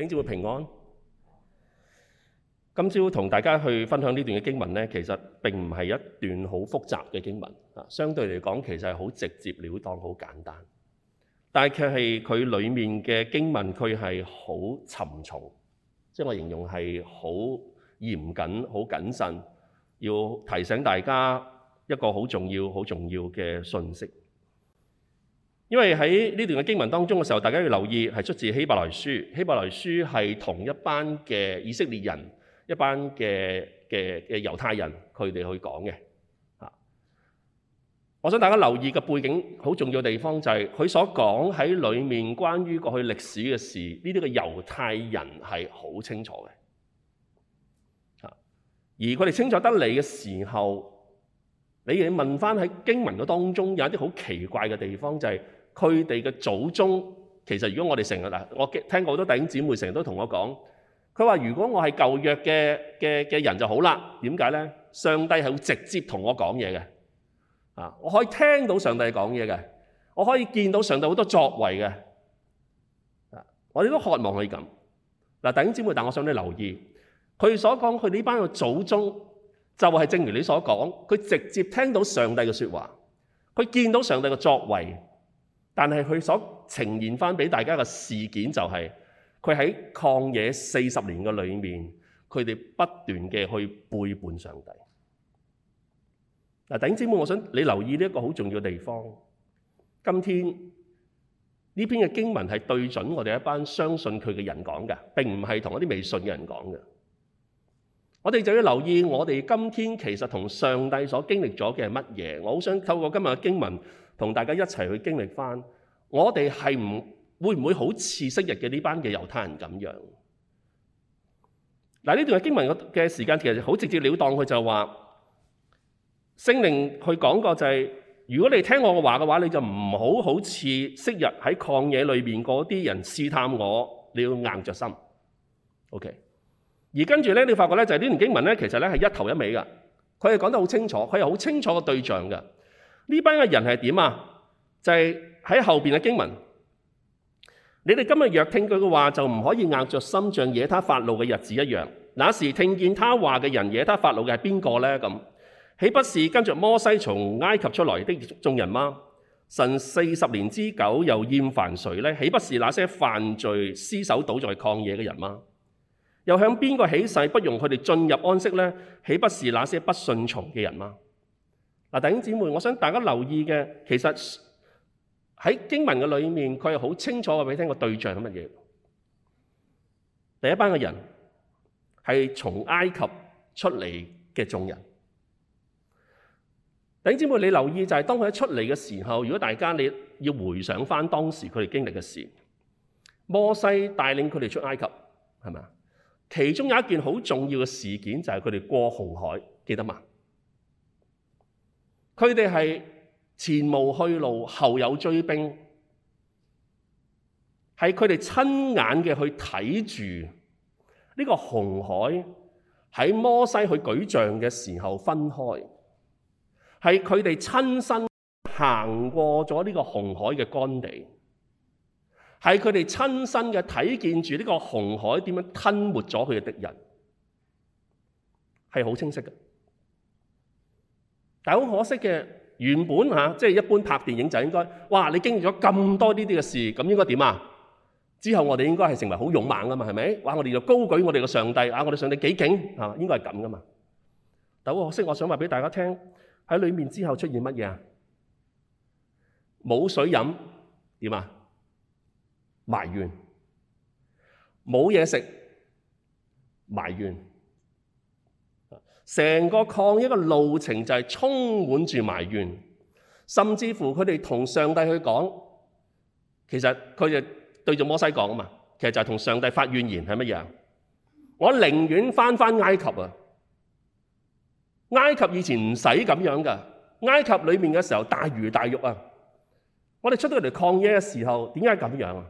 今朝會平安。今朝同大家去分享呢段嘅經文呢，其實並唔係一段好複雜嘅經文啊，相對嚟講其實係好直接了當、好簡單，但係卻係佢裡面嘅經文，佢係好沉重，即係我形容係好嚴謹、好謹慎，要提醒大家一個好重要、好重要嘅訊息。因為喺呢段經文當中嘅時候，大家要留意係，出自希伯來書。希伯來書係同一班嘅以色列人，一班嘅嘅猶太人，佢哋去講嘅。啊，我想大家留意嘅背景好重要的地方就是佢所講喺裡面關於過去歷史嘅事，呢啲嘅猶太人係好清楚嘅。啊，而佢哋清楚得嚟嘅時候，你哋問翻喺經文嘅當中有一啲好奇怪嘅地方就係佢哋嘅祖宗其實，如果我哋成日，我聽過好多弟兄姊妹成日都同我講，佢話：如果我係舊約嘅嘅嘅人就好啦。點解咧？上帝係會直接同我講嘢嘅啊！我可以聽到上帝講嘢嘅，我可以見到上帝好多作為嘅啊！我哋都渴望可以咁嗱。弟兄姊妹，但我想你留意佢所講，佢呢班嘅祖宗就係、是、正如你所講，佢直接聽到上帝嘅説話，佢見到上帝嘅作為。但係佢所呈現返畀大家嘅事件就係，佢喺曠野四十年嘅裏面，佢哋不斷嘅去背叛上帝。嗱，弟兄姊妹，我想你留意呢一個好重要地方。今天呢篇嘅經文係對準我哋一班相信佢嘅人講嘅，並唔係同一啲未信嘅人講嘅。我哋就要留意，我哋今天其實同上帝所經歷咗嘅係乜嘢？我好想透過今日嘅經文。同大家一齊去經歷返，我哋係唔會唔會好似昔日嘅呢班嘅猶太人咁樣？嗱，呢段嘅經文嘅時間其實好直接了當，他說，佢就話聖靈佢講過就係、是：如果你聽我嘅話嘅話，你就唔好好似昔日喺曠野裏面嗰啲人試探我，你要硬著心。O、okay、K。而跟住呢，你發覺呢，就呢、是、段經文呢，其實呢係一頭一尾㗎，佢係講得好清楚，佢係好清楚嘅對象㗎。呢班嘅人係點啊？就係、是、喺後面嘅經文，你哋今日若聽佢嘅話，就唔可以硬著心像惹他發怒嘅日子一樣。那時聽見他話嘅人，惹他發怒嘅係邊個呢？咁，豈不是跟著摩西從埃及出來嘅眾人嗎？神四十年之久又厭煩誰呢？豈不是那些犯罪、屍首、倒在曠野嘅人嗎？又向邊個起誓，不容佢哋進入安息呢？豈不是那些不信從嘅人嗎？嗱，弟兄姊妹，我想大家留意嘅，其實喺經文裏面，佢係好清楚嘅。畀你聽個對象係乜嘢？第一班嘅人係從埃及出嚟嘅眾人。弟兄姊妹，你留意就係當佢喺出嚟嘅時候，如果大家你要回想返當時佢哋經歷嘅事，摩西帶領佢哋出埃及，係嘛？其中有一件好重要嘅事件就係佢哋過紅海，記得嘛？佢哋係前無去路，後有追兵，係佢哋親眼嘅去睇住呢個紅海，喺摩西去舉杖嘅時候分開，係佢哋親身行過咗呢個紅海嘅乾地，係佢哋親身嘅睇見住呢個紅海點樣吞沒咗佢嘅敵人，係好清晰嘅。但係好可惜嘅，原本嚇即係一般拍電影就應該，哇！你經歷咗咁多呢啲嘅事，咁應該點啊？之後我哋應該係成為好勇猛噶嘛，係咪？哇！我哋要高舉我哋嘅上帝啊！我哋上帝幾勁啊，應該係咁噶嘛。但係好可惜，我想話俾大家聽，喺裏面之後出現乜嘢啊？冇水飲點啊？埋怨。冇嘢食，埋怨。成個曠野嘅路程就係充滿住埋怨，甚至乎佢哋同上帝去講，其實佢哋對住摩西講嘛，其實就係同上帝發怨言係乜嘢？我寧願返翻埃及啊！埃及以前唔使咁樣㗎，埃及裏面嘅時候大魚大肉啊！我哋出到嚟曠野嘅時候點解咁樣啊？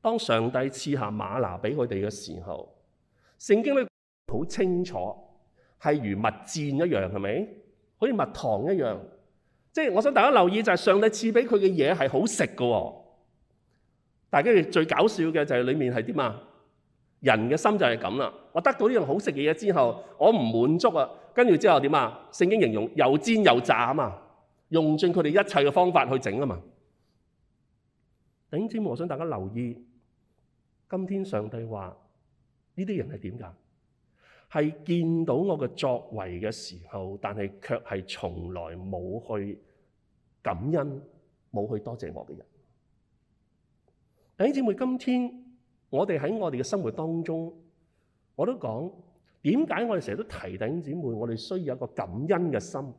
當上帝賜下馬拿俾佢哋嘅時候，聖經呢好清楚。係如蜜餞一樣，係咪？好似蜜糖一樣，即係我想大家留意就係上帝賜俾佢嘅嘢係好食嘅，哦，但係跟住最搞笑嘅就係裏面係點啊？人嘅心就係咁啦。我得到呢樣好食嘅嘢之後，我唔滿足啊，跟住之後點啊？聖經形容又煎又炸啊嘛，用盡佢哋一切嘅方法去整啊嘛。頂尖，我想大家留意，今天上帝話呢啲人係點噶？係見到我嘅作為嘅時候，但係卻係從來冇去感恩，冇去多謝我嘅人。弟兄姐妹，今天我哋喺我哋嘅生活當中，我都講點解我哋成日都提弟兄姐妹，我哋需要一個感恩嘅心。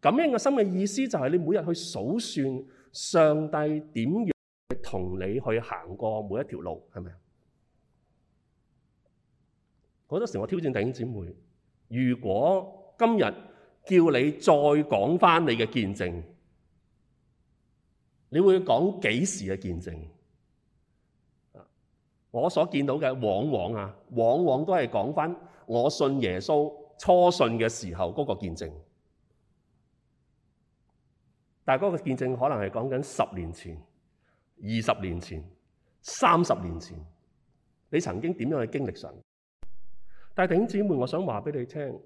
感恩嘅心嘅意思就係你每日去數算上帝點樣同你去行過每一條路，係咪啊？好多時我挑戰弟兄姊妹，如果今日叫你再講返你嘅見證，你會講幾時嘅見證？我所見到嘅往往啊，往往都係講翻我信耶穌初信嘅時候嗰個見證，但係嗰個見證可能係講緊十年前、二十年前、三十年前，你曾經點樣去經歷上。弟兄姐妹，我想話俾你聽，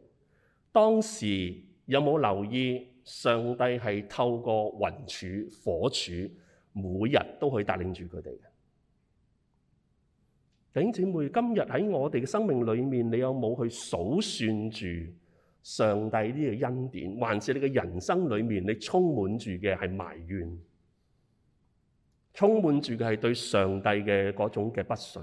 當時有冇留意上帝係透過雲柱火柱，每日都可以帶領住佢哋嘅？弟兄姐妹，今日喺我哋嘅生命裏面，你有冇去數算住上帝呢個恩典？還是你嘅人生裏面，你充滿住嘅係埋怨，充滿住嘅係對上帝嘅嗰種嘅不信？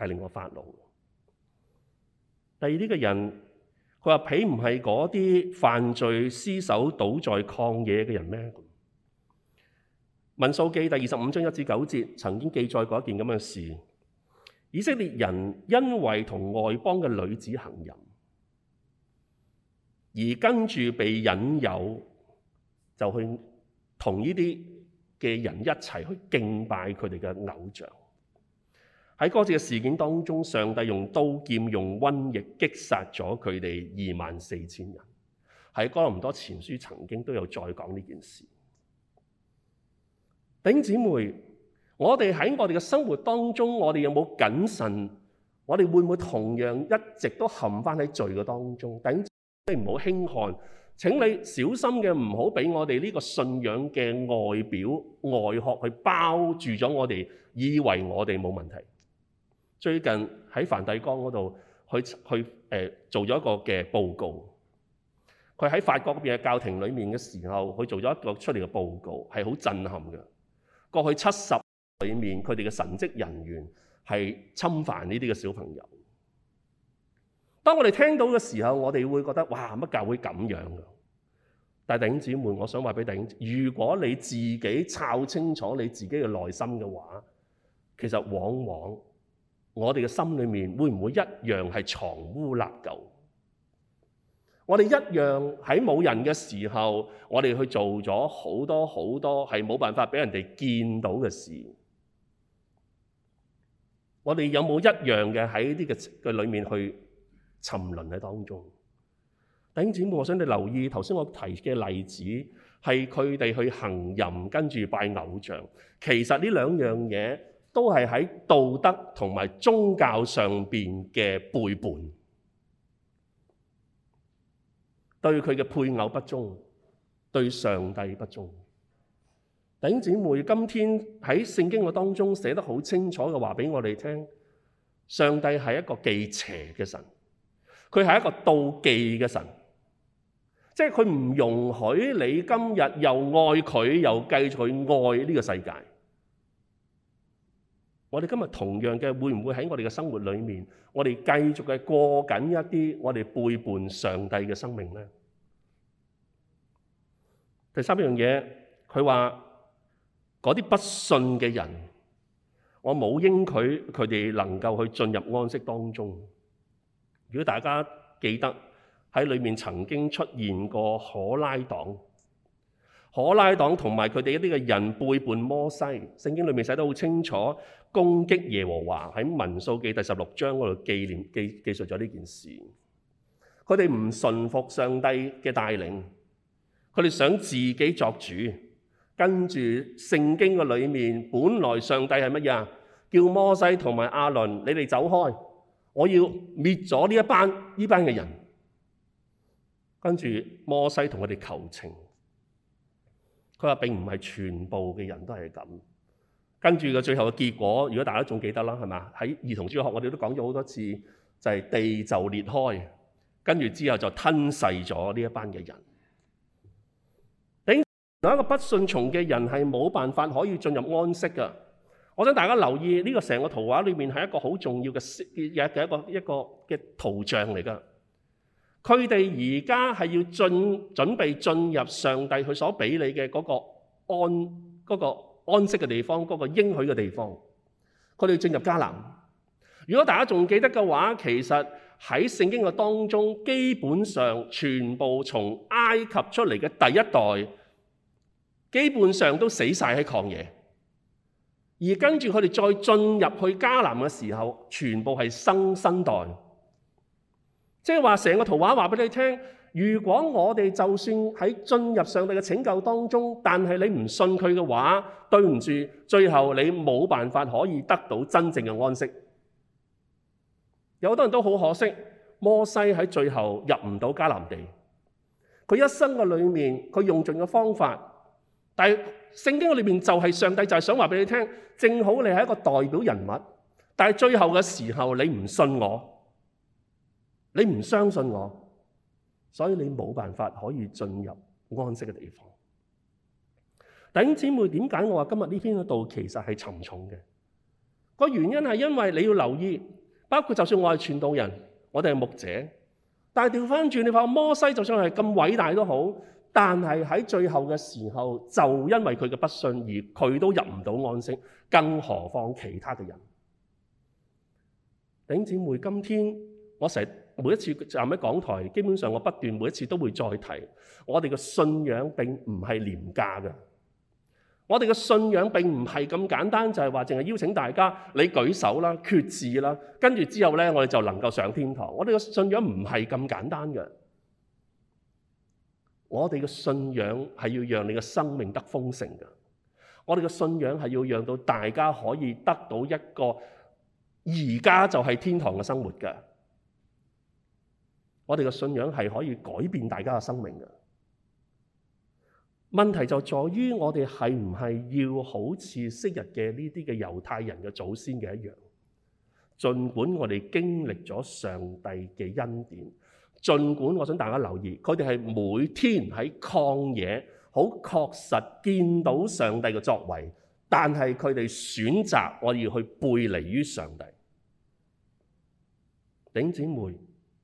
係令我發怒的。第二呢、這個人，佢話：他唔係嗰啲犯罪、屍首、倒在曠野嘅人咩？民數記第二十五章一至九節曾經記載過一件咁嘅事：以色列人因為同外邦嘅女子行淫而跟住被引誘，就去同呢啲嘅人一齊去敬拜佢哋嘅偶像。喺嗰次嘅事件當中，上帝用刀劍、用瘟疫擊殺咗佢哋二萬四千人。喺《哥林多前書》曾經都有再講呢件事。頂姊妹，我哋喺我哋嘅生活當中，我哋有冇謹慎？我哋會唔會同樣一直都陷返喺罪嘅當中？頂姊妹，你唔好輕看。請你小心嘅，唔好俾我哋呢個信仰嘅外表、外殼去包住咗我哋，以為我哋冇問題。最近喺梵蒂岡嗰度去去做咗一個嘅報告。佢喺法國嗰邊嘅教廷裏面嘅時候，佢做咗一個出嚟嘅報告，係好震撼嘅。過去七十年裏面，佢哋嘅神職人員係侵犯呢啲嘅小朋友。當我哋聽到嘅時候，我哋會覺得，哇，乜教會咁樣嘅？但係弟兄姊妹，我想話俾弟兄：如果你自己摷清楚你自己嘅內心嘅話，其實往往。我哋嘅心裏面會唔會一樣係藏污納垢？我哋一樣喺冇人嘅時候，我哋去做咗好多好多係冇辦法畀人哋見到嘅事。我哋有冇一樣嘅喺呢個裏面去沉淪喺當中？弟兄姊妹，我想你留意頭先我提嘅例子，係佢哋去行淫跟住拜偶像。其實呢兩樣嘢，都係喺道德同埋宗教上邊嘅背叛，對佢嘅配偶不忠，對上帝不忠。弟兄姊妹，今天喺聖經嘅當中寫得好清楚嘅話，俾我哋聽，上帝係一個忌邪嘅神，佢係一個妒忌嘅神，即係佢唔容許你今日又愛佢，又繼續愛呢個世界。我哋今日同樣嘅，會唔會喺我哋嘅生活裏面，我哋繼續嘅過緊一啲，我哋背叛上帝嘅生命呢？第三樣嘢，佢話嗰啲不信嘅人，我冇應允佢，佢哋能夠去進入安息當中。如果大家記得喺裏面曾經出現過可拉黨。可拉黨同埋佢哋一啲嘅人背叛摩西，聖經裏面寫得好清楚，攻擊耶和華，喺民數記第十六章嗰度記念記記述咗呢件事。佢哋唔信服上帝嘅帶領，佢哋想自己作主。跟住聖經裏裏面，本來上帝係乜嘢？叫摩西同埋阿倫，你哋走開，我要滅咗這一班呢班嘅人。跟住摩西同佢哋求情。佢話並唔係全部嘅人都係噉。跟住最後嘅結果，如果大家仲記得啦，係嘛？喺兒童主學，我哋都講咗好多次，就係、是、地就裂開，跟住之後就吞噬咗呢一班嘅人。另一個不信從嘅人係冇辦法可以進入安息嘅。我想大家留意呢、這個成個圖畫裏面係一個好重要嘅一個,一個,一個嘅圖像嚟㗎。佢哋而家係要準準備進入上帝佢所俾你嘅嗰個安嗰個安息嘅地方，嗰個應許嘅地方。佢哋進入迦南。如果大家仲記得嘅話，其實喺聖經嘅當中，基本上全部從埃及出嚟嘅第一代，基本上都死晒喺曠野。而跟住佢哋再進入去迦南嘅時候，全部係新生代。即係話，成個圖畫話俾你聽，如果我哋就算喺進入上帝嘅拯救當中，但係你唔信佢嘅話，對唔住，最後你冇辦法可以得到真正嘅安息。有好多人都好可惜，摩西喺最後入唔到迦南地。佢一生嘅裏面，佢用盡嘅方法，但係聖經嘅裏面就係上帝就係想話俾你聽，正好你係一個代表人物，但係最後嘅時候你唔信我。你唔相信我，所以你冇辦法可以進入安息嘅地方。弟兄姐妹，點解我話今日呢篇道其實係沉重嘅？個原因係因為你要留意，包括就算我係傳道人，我哋係牧者，但係調翻轉你睇摩西，就算係咁偉大都好，但係喺最後嘅時候，就因為佢嘅不信而佢都入唔到安息，更何況其他嘅人。弟兄姐妹，今天我成。每一次站喺講台，基本上我不斷每一次都會再提，我哋嘅信仰並唔係廉價嘅，我哋嘅信仰並唔係咁簡單，就係話淨係邀請大家你舉手啦、決志啦，跟住之後咧，我哋就能夠上天堂。我哋嘅信仰唔係咁簡單嘅，我哋嘅信仰係要讓你嘅生命得豐盛嘅，我哋嘅信仰係要讓到大家可以得到一個而家就係天堂嘅生活嘅。我哋嘅信仰係可以改變大家嘅生命嘅。問題就在於我哋係唔係要好似昔日嘅呢啲嘅猶太人嘅祖先嘅一樣？儘管我哋經歷咗上帝嘅恩典，儘管我想大家留意，佢哋係每天喺曠野，好確實見到上帝嘅作為，但係佢哋選擇我要去背離於上帝。頂姐妹。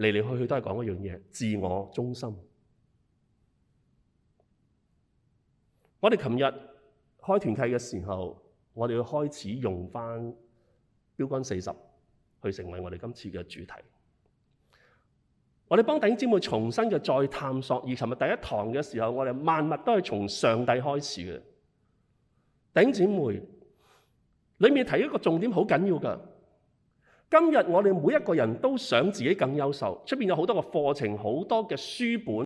嚟嚟去去都係講一樣嘢，自我中心。我哋琴日開團契嘅時候，我哋要開始用返標竿四十去成為我哋今次嘅主題。我哋幫頂姐妹重新嘅再探索，而尋日第一堂嘅時候，我哋萬物都係從上帝開始嘅。頂姐妹，裏面提一個重點很重要的，好緊要㗎。今日我哋每一個人都想自己更優秀，出面有好多嘅課程，好多嘅書本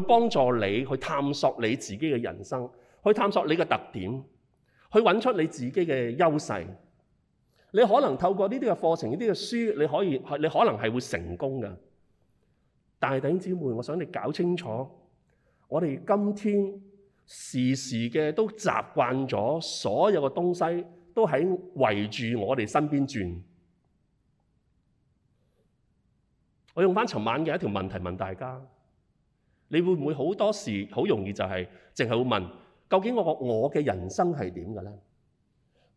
去幫助你去探索你自己嘅人生，去探索你嘅特點，去揾出你自己嘅優勢。你可能透過呢啲嘅課程、呢啲嘅書，你可以，你可能係會成功㗎。大頂姊妹，我想你搞清楚，我哋今天時時嘅都習慣咗，所有嘅東西都喺圍住我哋身邊轉。我用翻尋晚嘅一條問題問大家：你會唔會好多時好容易就係淨係會問究竟我我嘅人生係點嘅咧？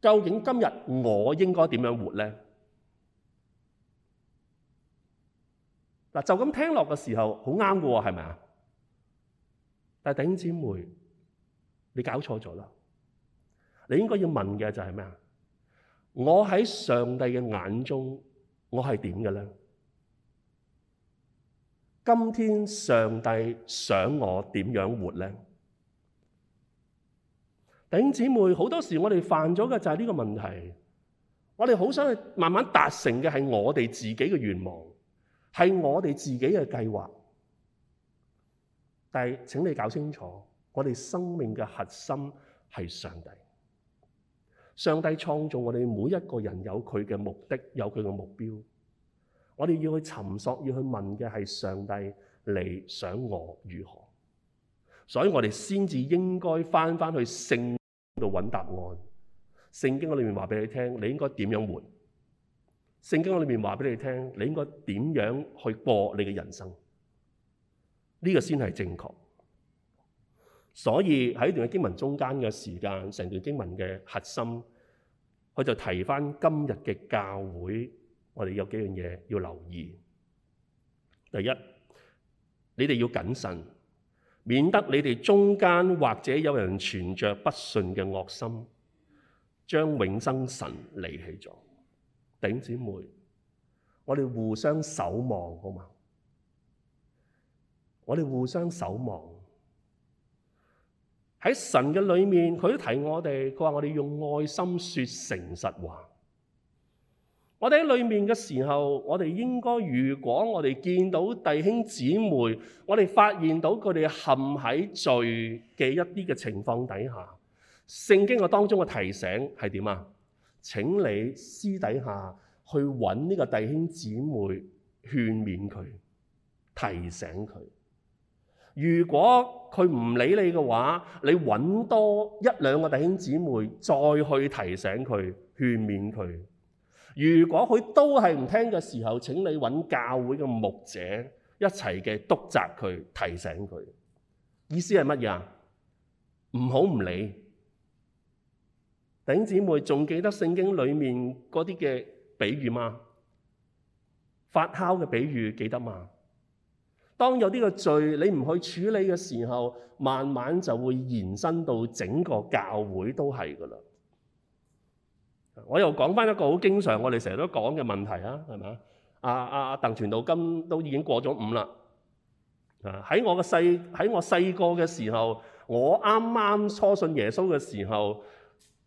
究竟今日我應該點樣活咧？嗱，就咁聽落嘅時候好啱嘅喎，係咪啊？但係弟兄姊妹，你搞錯咗啦！你應該要問嘅就係咩啊？我喺上帝嘅眼中，我係點嘅咧？今天上帝想我點樣活呢？頂姊妹，好多時候我哋犯咗嘅就係呢個問題。我哋好想去慢慢達成嘅係我哋自己嘅願望，係我哋自己嘅計劃。但係請你搞清楚，我哋生命嘅核心係上帝。上帝創造我哋每一個人，有佢嘅目的，有佢嘅目標。我哋要去尋索，要去問嘅係上帝，你想我如何，所以我哋先至應該翻翻去聖度搵答案。聖經裏面話俾你聽，你應該點樣活？聖經裏面話俾你聽，你應該點樣去過你嘅人生？呢個先係正確。所以喺呢段經文中間嘅時間，成段經文嘅核心，佢就提翻今日嘅教會。我哋有幾樣嘢要留意。第一，你哋要謹慎，免得你哋中間或者有人存著不信嘅惡心，將永生神離棄咗。頂姊妹，我哋互相守望，好嘛？我哋互相守望。喺神嘅裏面，佢都提我哋，佢話我哋用愛心説誠實話。我哋喺裏面嘅時候，我哋應該如果我哋見到弟兄姊妹，我哋發現到佢哋陷喺罪嘅一啲嘅情況底下，聖經嘅當中嘅提醒係點呀？請你私底下去揾呢個弟兄姊妹，勸勉佢，提醒佢。如果佢唔理你嘅話，你揾多一兩個弟兄姊妹再去提醒佢，勸勉佢。如果佢都係唔聽嘅時候，請你揾教會嘅牧者一齊嘅督責佢，提醒佢。意思係乜嘢？唔好唔理。頂姐妹仲記得聖經裏面嗰啲嘅比喻嗎？發酵嘅比喻記得嗎？當有呢個罪你唔去處理嘅時候，慢慢就會延伸到整個教會都係㗎喇。我又講翻一個好經常我哋成日都講嘅問題啦，係嘛？阿、啊、阿、啊、鄧傳道今都已經過咗五啦。喺我個細喺我細個嘅時候，我啱啱初信耶穌嘅時候，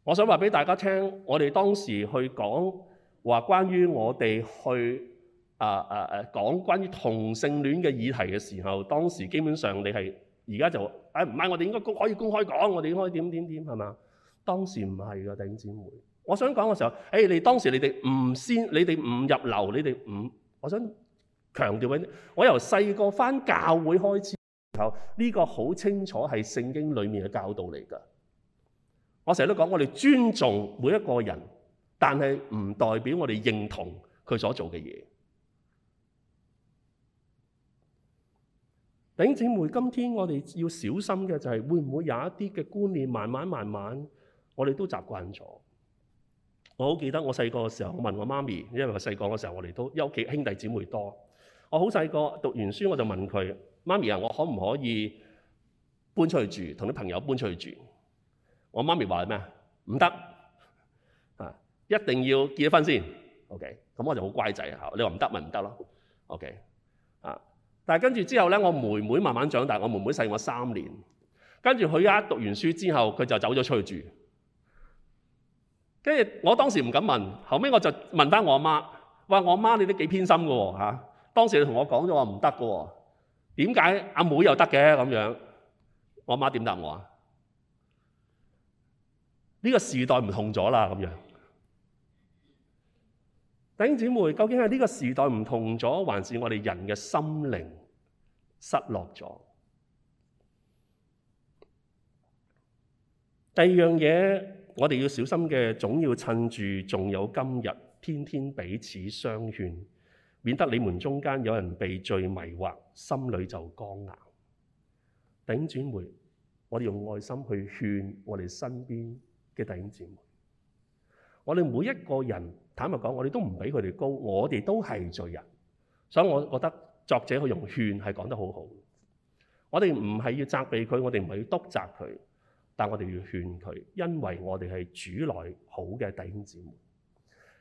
我想話俾大家聽，我哋當時去講話關於我哋去啊啊啊講關於同性戀嘅議題嘅時候，當時基本上你係而家就誒唔係我哋應該可以公開講，我哋應該點點點係嘛？當時唔係㗎，弟兄姊妹。我想講嘅時候，誒，你當時你哋唔先，你哋唔入流，你哋唔，我想強調一啲，我由細個返教會開始的時候，後、這、呢個好清楚係聖經裏面嘅教導嚟㗎。我成日都講，我哋尊重每一個人，但係唔代表我哋認同佢所做嘅嘢。弟兄姊妹，今天我哋要小心嘅就係會唔會有一啲嘅觀念，慢慢慢慢，我哋都習慣咗。我好記得我細個嘅時候，我問我媽咪，因為我細個嘅時候我哋都屋企兄弟姊妹多。我好細個讀完書我就問佢：媽咪啊，我可唔可以搬出去住，同啲朋友搬出去住？我媽咪話係咩？唔得啊！一定要結咗婚先。OK，咁我就好乖仔吓。你話唔得咪唔得咯。OK，啊！但係跟住之後咧，我妹妹慢慢長大，我妹妹細我三年。跟住佢一讀完書之後，佢就走咗出去住。跟住，我當時唔敢問，後尾我就問翻我阿媽，話我阿媽，你都幾偏心嘅喎嚇。當時你同我講咗話唔得嘅喎，點解阿妹又得嘅咁樣？我阿媽點答我啊？呢個時代唔同咗啦咁樣。弟兄姊妹，究竟係呢個時代唔同咗，還是我哋人嘅心靈失落咗？第二樣嘢。我哋要小心嘅，總要趁住仲有今日，天天彼此相勸，免得你們中間有人被罪迷惑，心裏就剛硬。弟兄姊妹，我哋用愛心去勸我哋身邊嘅弟兄姊妹。我哋每一個人，坦白講，我哋都唔比佢哋高，我哋都係罪人，所以我覺得作者去用勸係講得好好。我哋唔係要責備佢，我哋唔係要督責佢。但我哋要勸佢，因為我哋係主內好嘅弟兄姊妹。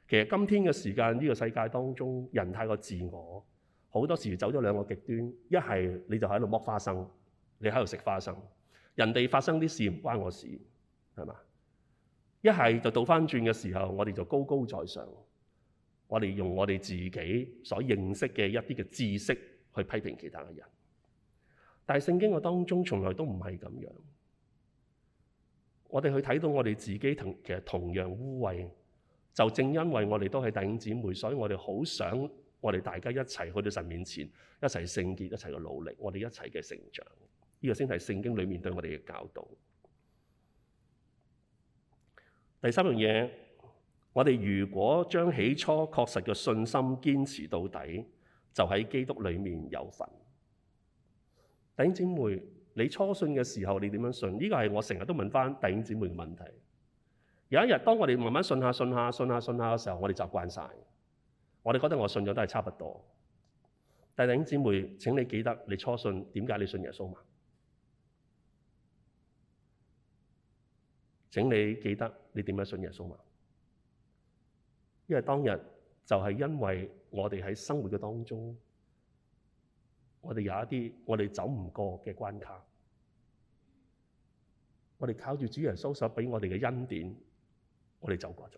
其實今天嘅時間，呢個世界當中，人太過自我，好多時走咗兩個極端。一係你就喺度剝花生，你喺度食花生；人哋發生啲事唔關我事，係嘛？一係就倒翻轉嘅時候，我哋就高高在上，我哋用我哋自己所認識嘅一啲嘅知識去批評其他嘅人。但係聖經嘅當中，從來都唔係咁樣。我哋去睇到我哋自己同其實同樣污穢，就正因為我哋都係弟兄姊妹，所以我哋好想我哋大家一齊去到神面前，一齊聖潔，一齊嘅努力，我哋一齊嘅成長，依、呢個先係聖經裏面對我哋嘅教導。第三樣嘢，我哋如果將起初確實嘅信心堅持到底，就喺基督裡面有份。弟兄姊妹。你初信嘅時候，你點樣信？呢個係我成日都問翻弟兄姊妹嘅問題。有一日，當我哋慢慢信下、信下、信下、信下嘅時候，我哋習慣晒。我哋覺得我信咗都係差不多。但係弟兄姊妹，請你記得，你初信點解你信耶穌嘛？請你記得你點樣信耶穌嘛？因為當日就係因為我哋喺生活嘅當中。我哋有一啲，我哋走唔過嘅關卡，我哋靠住主耶穌所俾我哋嘅恩典，我哋走過咗。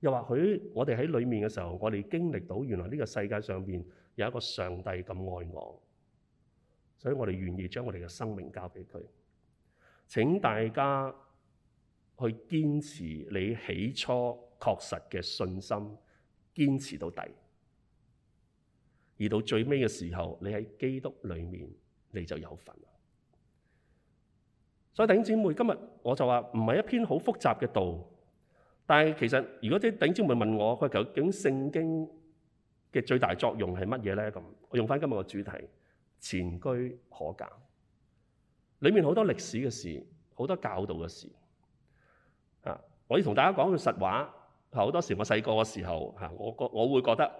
又或許我哋喺裏面嘅時候，我哋經歷到原來呢個世界上面有一個上帝咁愛我，所以我哋願意將我哋嘅生命交俾佢。請大家去堅持你起初確實嘅信心，堅持到底。而到最尾嘅時候，你喺基督裏面，你就有份。所以頂姊妹，今日我就話唔係一篇好複雜嘅道，但係其實如果啲頂姊妹問我，佢究竟聖經嘅最大作用係乜嘢咧？咁我用翻今日個主題，前車可鑑，裏面好多歷史嘅事，好多教導嘅事。啊，我要同大家講句實話，好多時我細個嘅時候，嚇我我會覺得。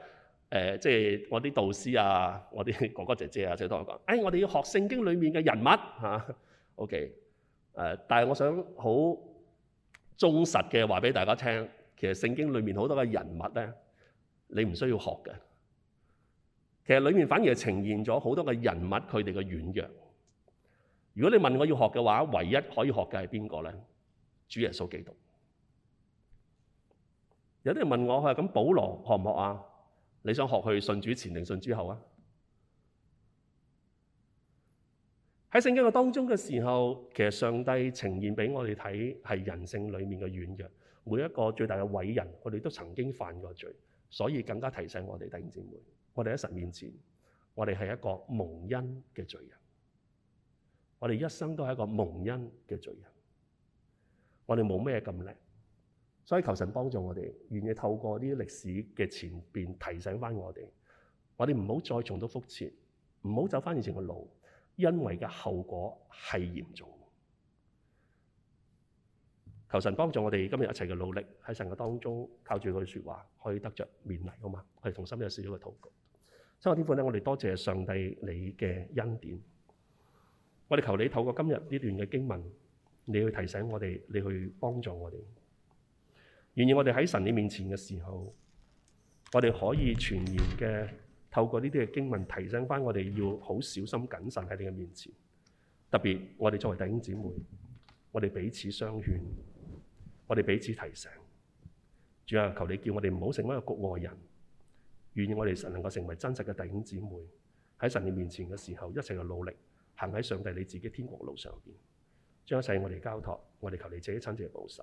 誒、呃，即係我啲導師啊，我啲哥哥姐姐啊，即就同我講：誒、哎，我哋要學聖經裏面嘅人物吓。O、啊、K。誒、okay，呃，但係我想好忠實嘅話俾大家聽，其實聖經裏面好多嘅人物咧，你唔需要學嘅。其實裏面反而係呈現咗好多嘅人物佢哋嘅軟弱。如果你問我要學嘅話，唯一可以學嘅係邊個咧？主耶穌基督。有啲人問我：佢話咁保羅學唔學啊？你想學去信主前定信主後啊？喺聖經嘅當中嘅時候，其實上帝呈現俾我哋睇係人性裏面嘅軟弱。每一個最大嘅偉人，我哋都曾經犯過罪，所以更加提醒我哋弟兄姊妹，我哋喺神面前，我哋係一個蒙恩嘅罪人。我哋一生都係一個蒙恩嘅罪人。我哋冇咩咁叻。所以求神幫助我哋，願意透過呢啲歷史嘅前車提醒翻我哋，我哋唔好再重蹈覆轍，唔好走翻以前嘅路，因為嘅後果係嚴重的。求神幫助我哋，今日一齊嘅努力喺神嘅當中，靠住佢說話可以得着勉勵噶嘛？係從心入少少嘅禱告。三個天分咧，我哋多謝上帝你嘅恩典。我哋求你透過今日呢段嘅經文，你去提醒我哋，你去幫助我哋。願意我哋喺神你面前嘅時候，我哋可以全然嘅透過呢啲嘅經文提醒翻我哋要好小心謹慎喺你嘅面前。特別我哋作為弟兄姊妹，我哋彼此相勸，我哋彼此提醒。主要求你叫我哋唔好成為一個局外人。願意我哋能夠成為真實嘅弟兄姊妹，喺神你面前嘅時候一齊去努力行喺上帝你自己的天國路上邊。將一切我哋交託，我哋求你自己親自保守。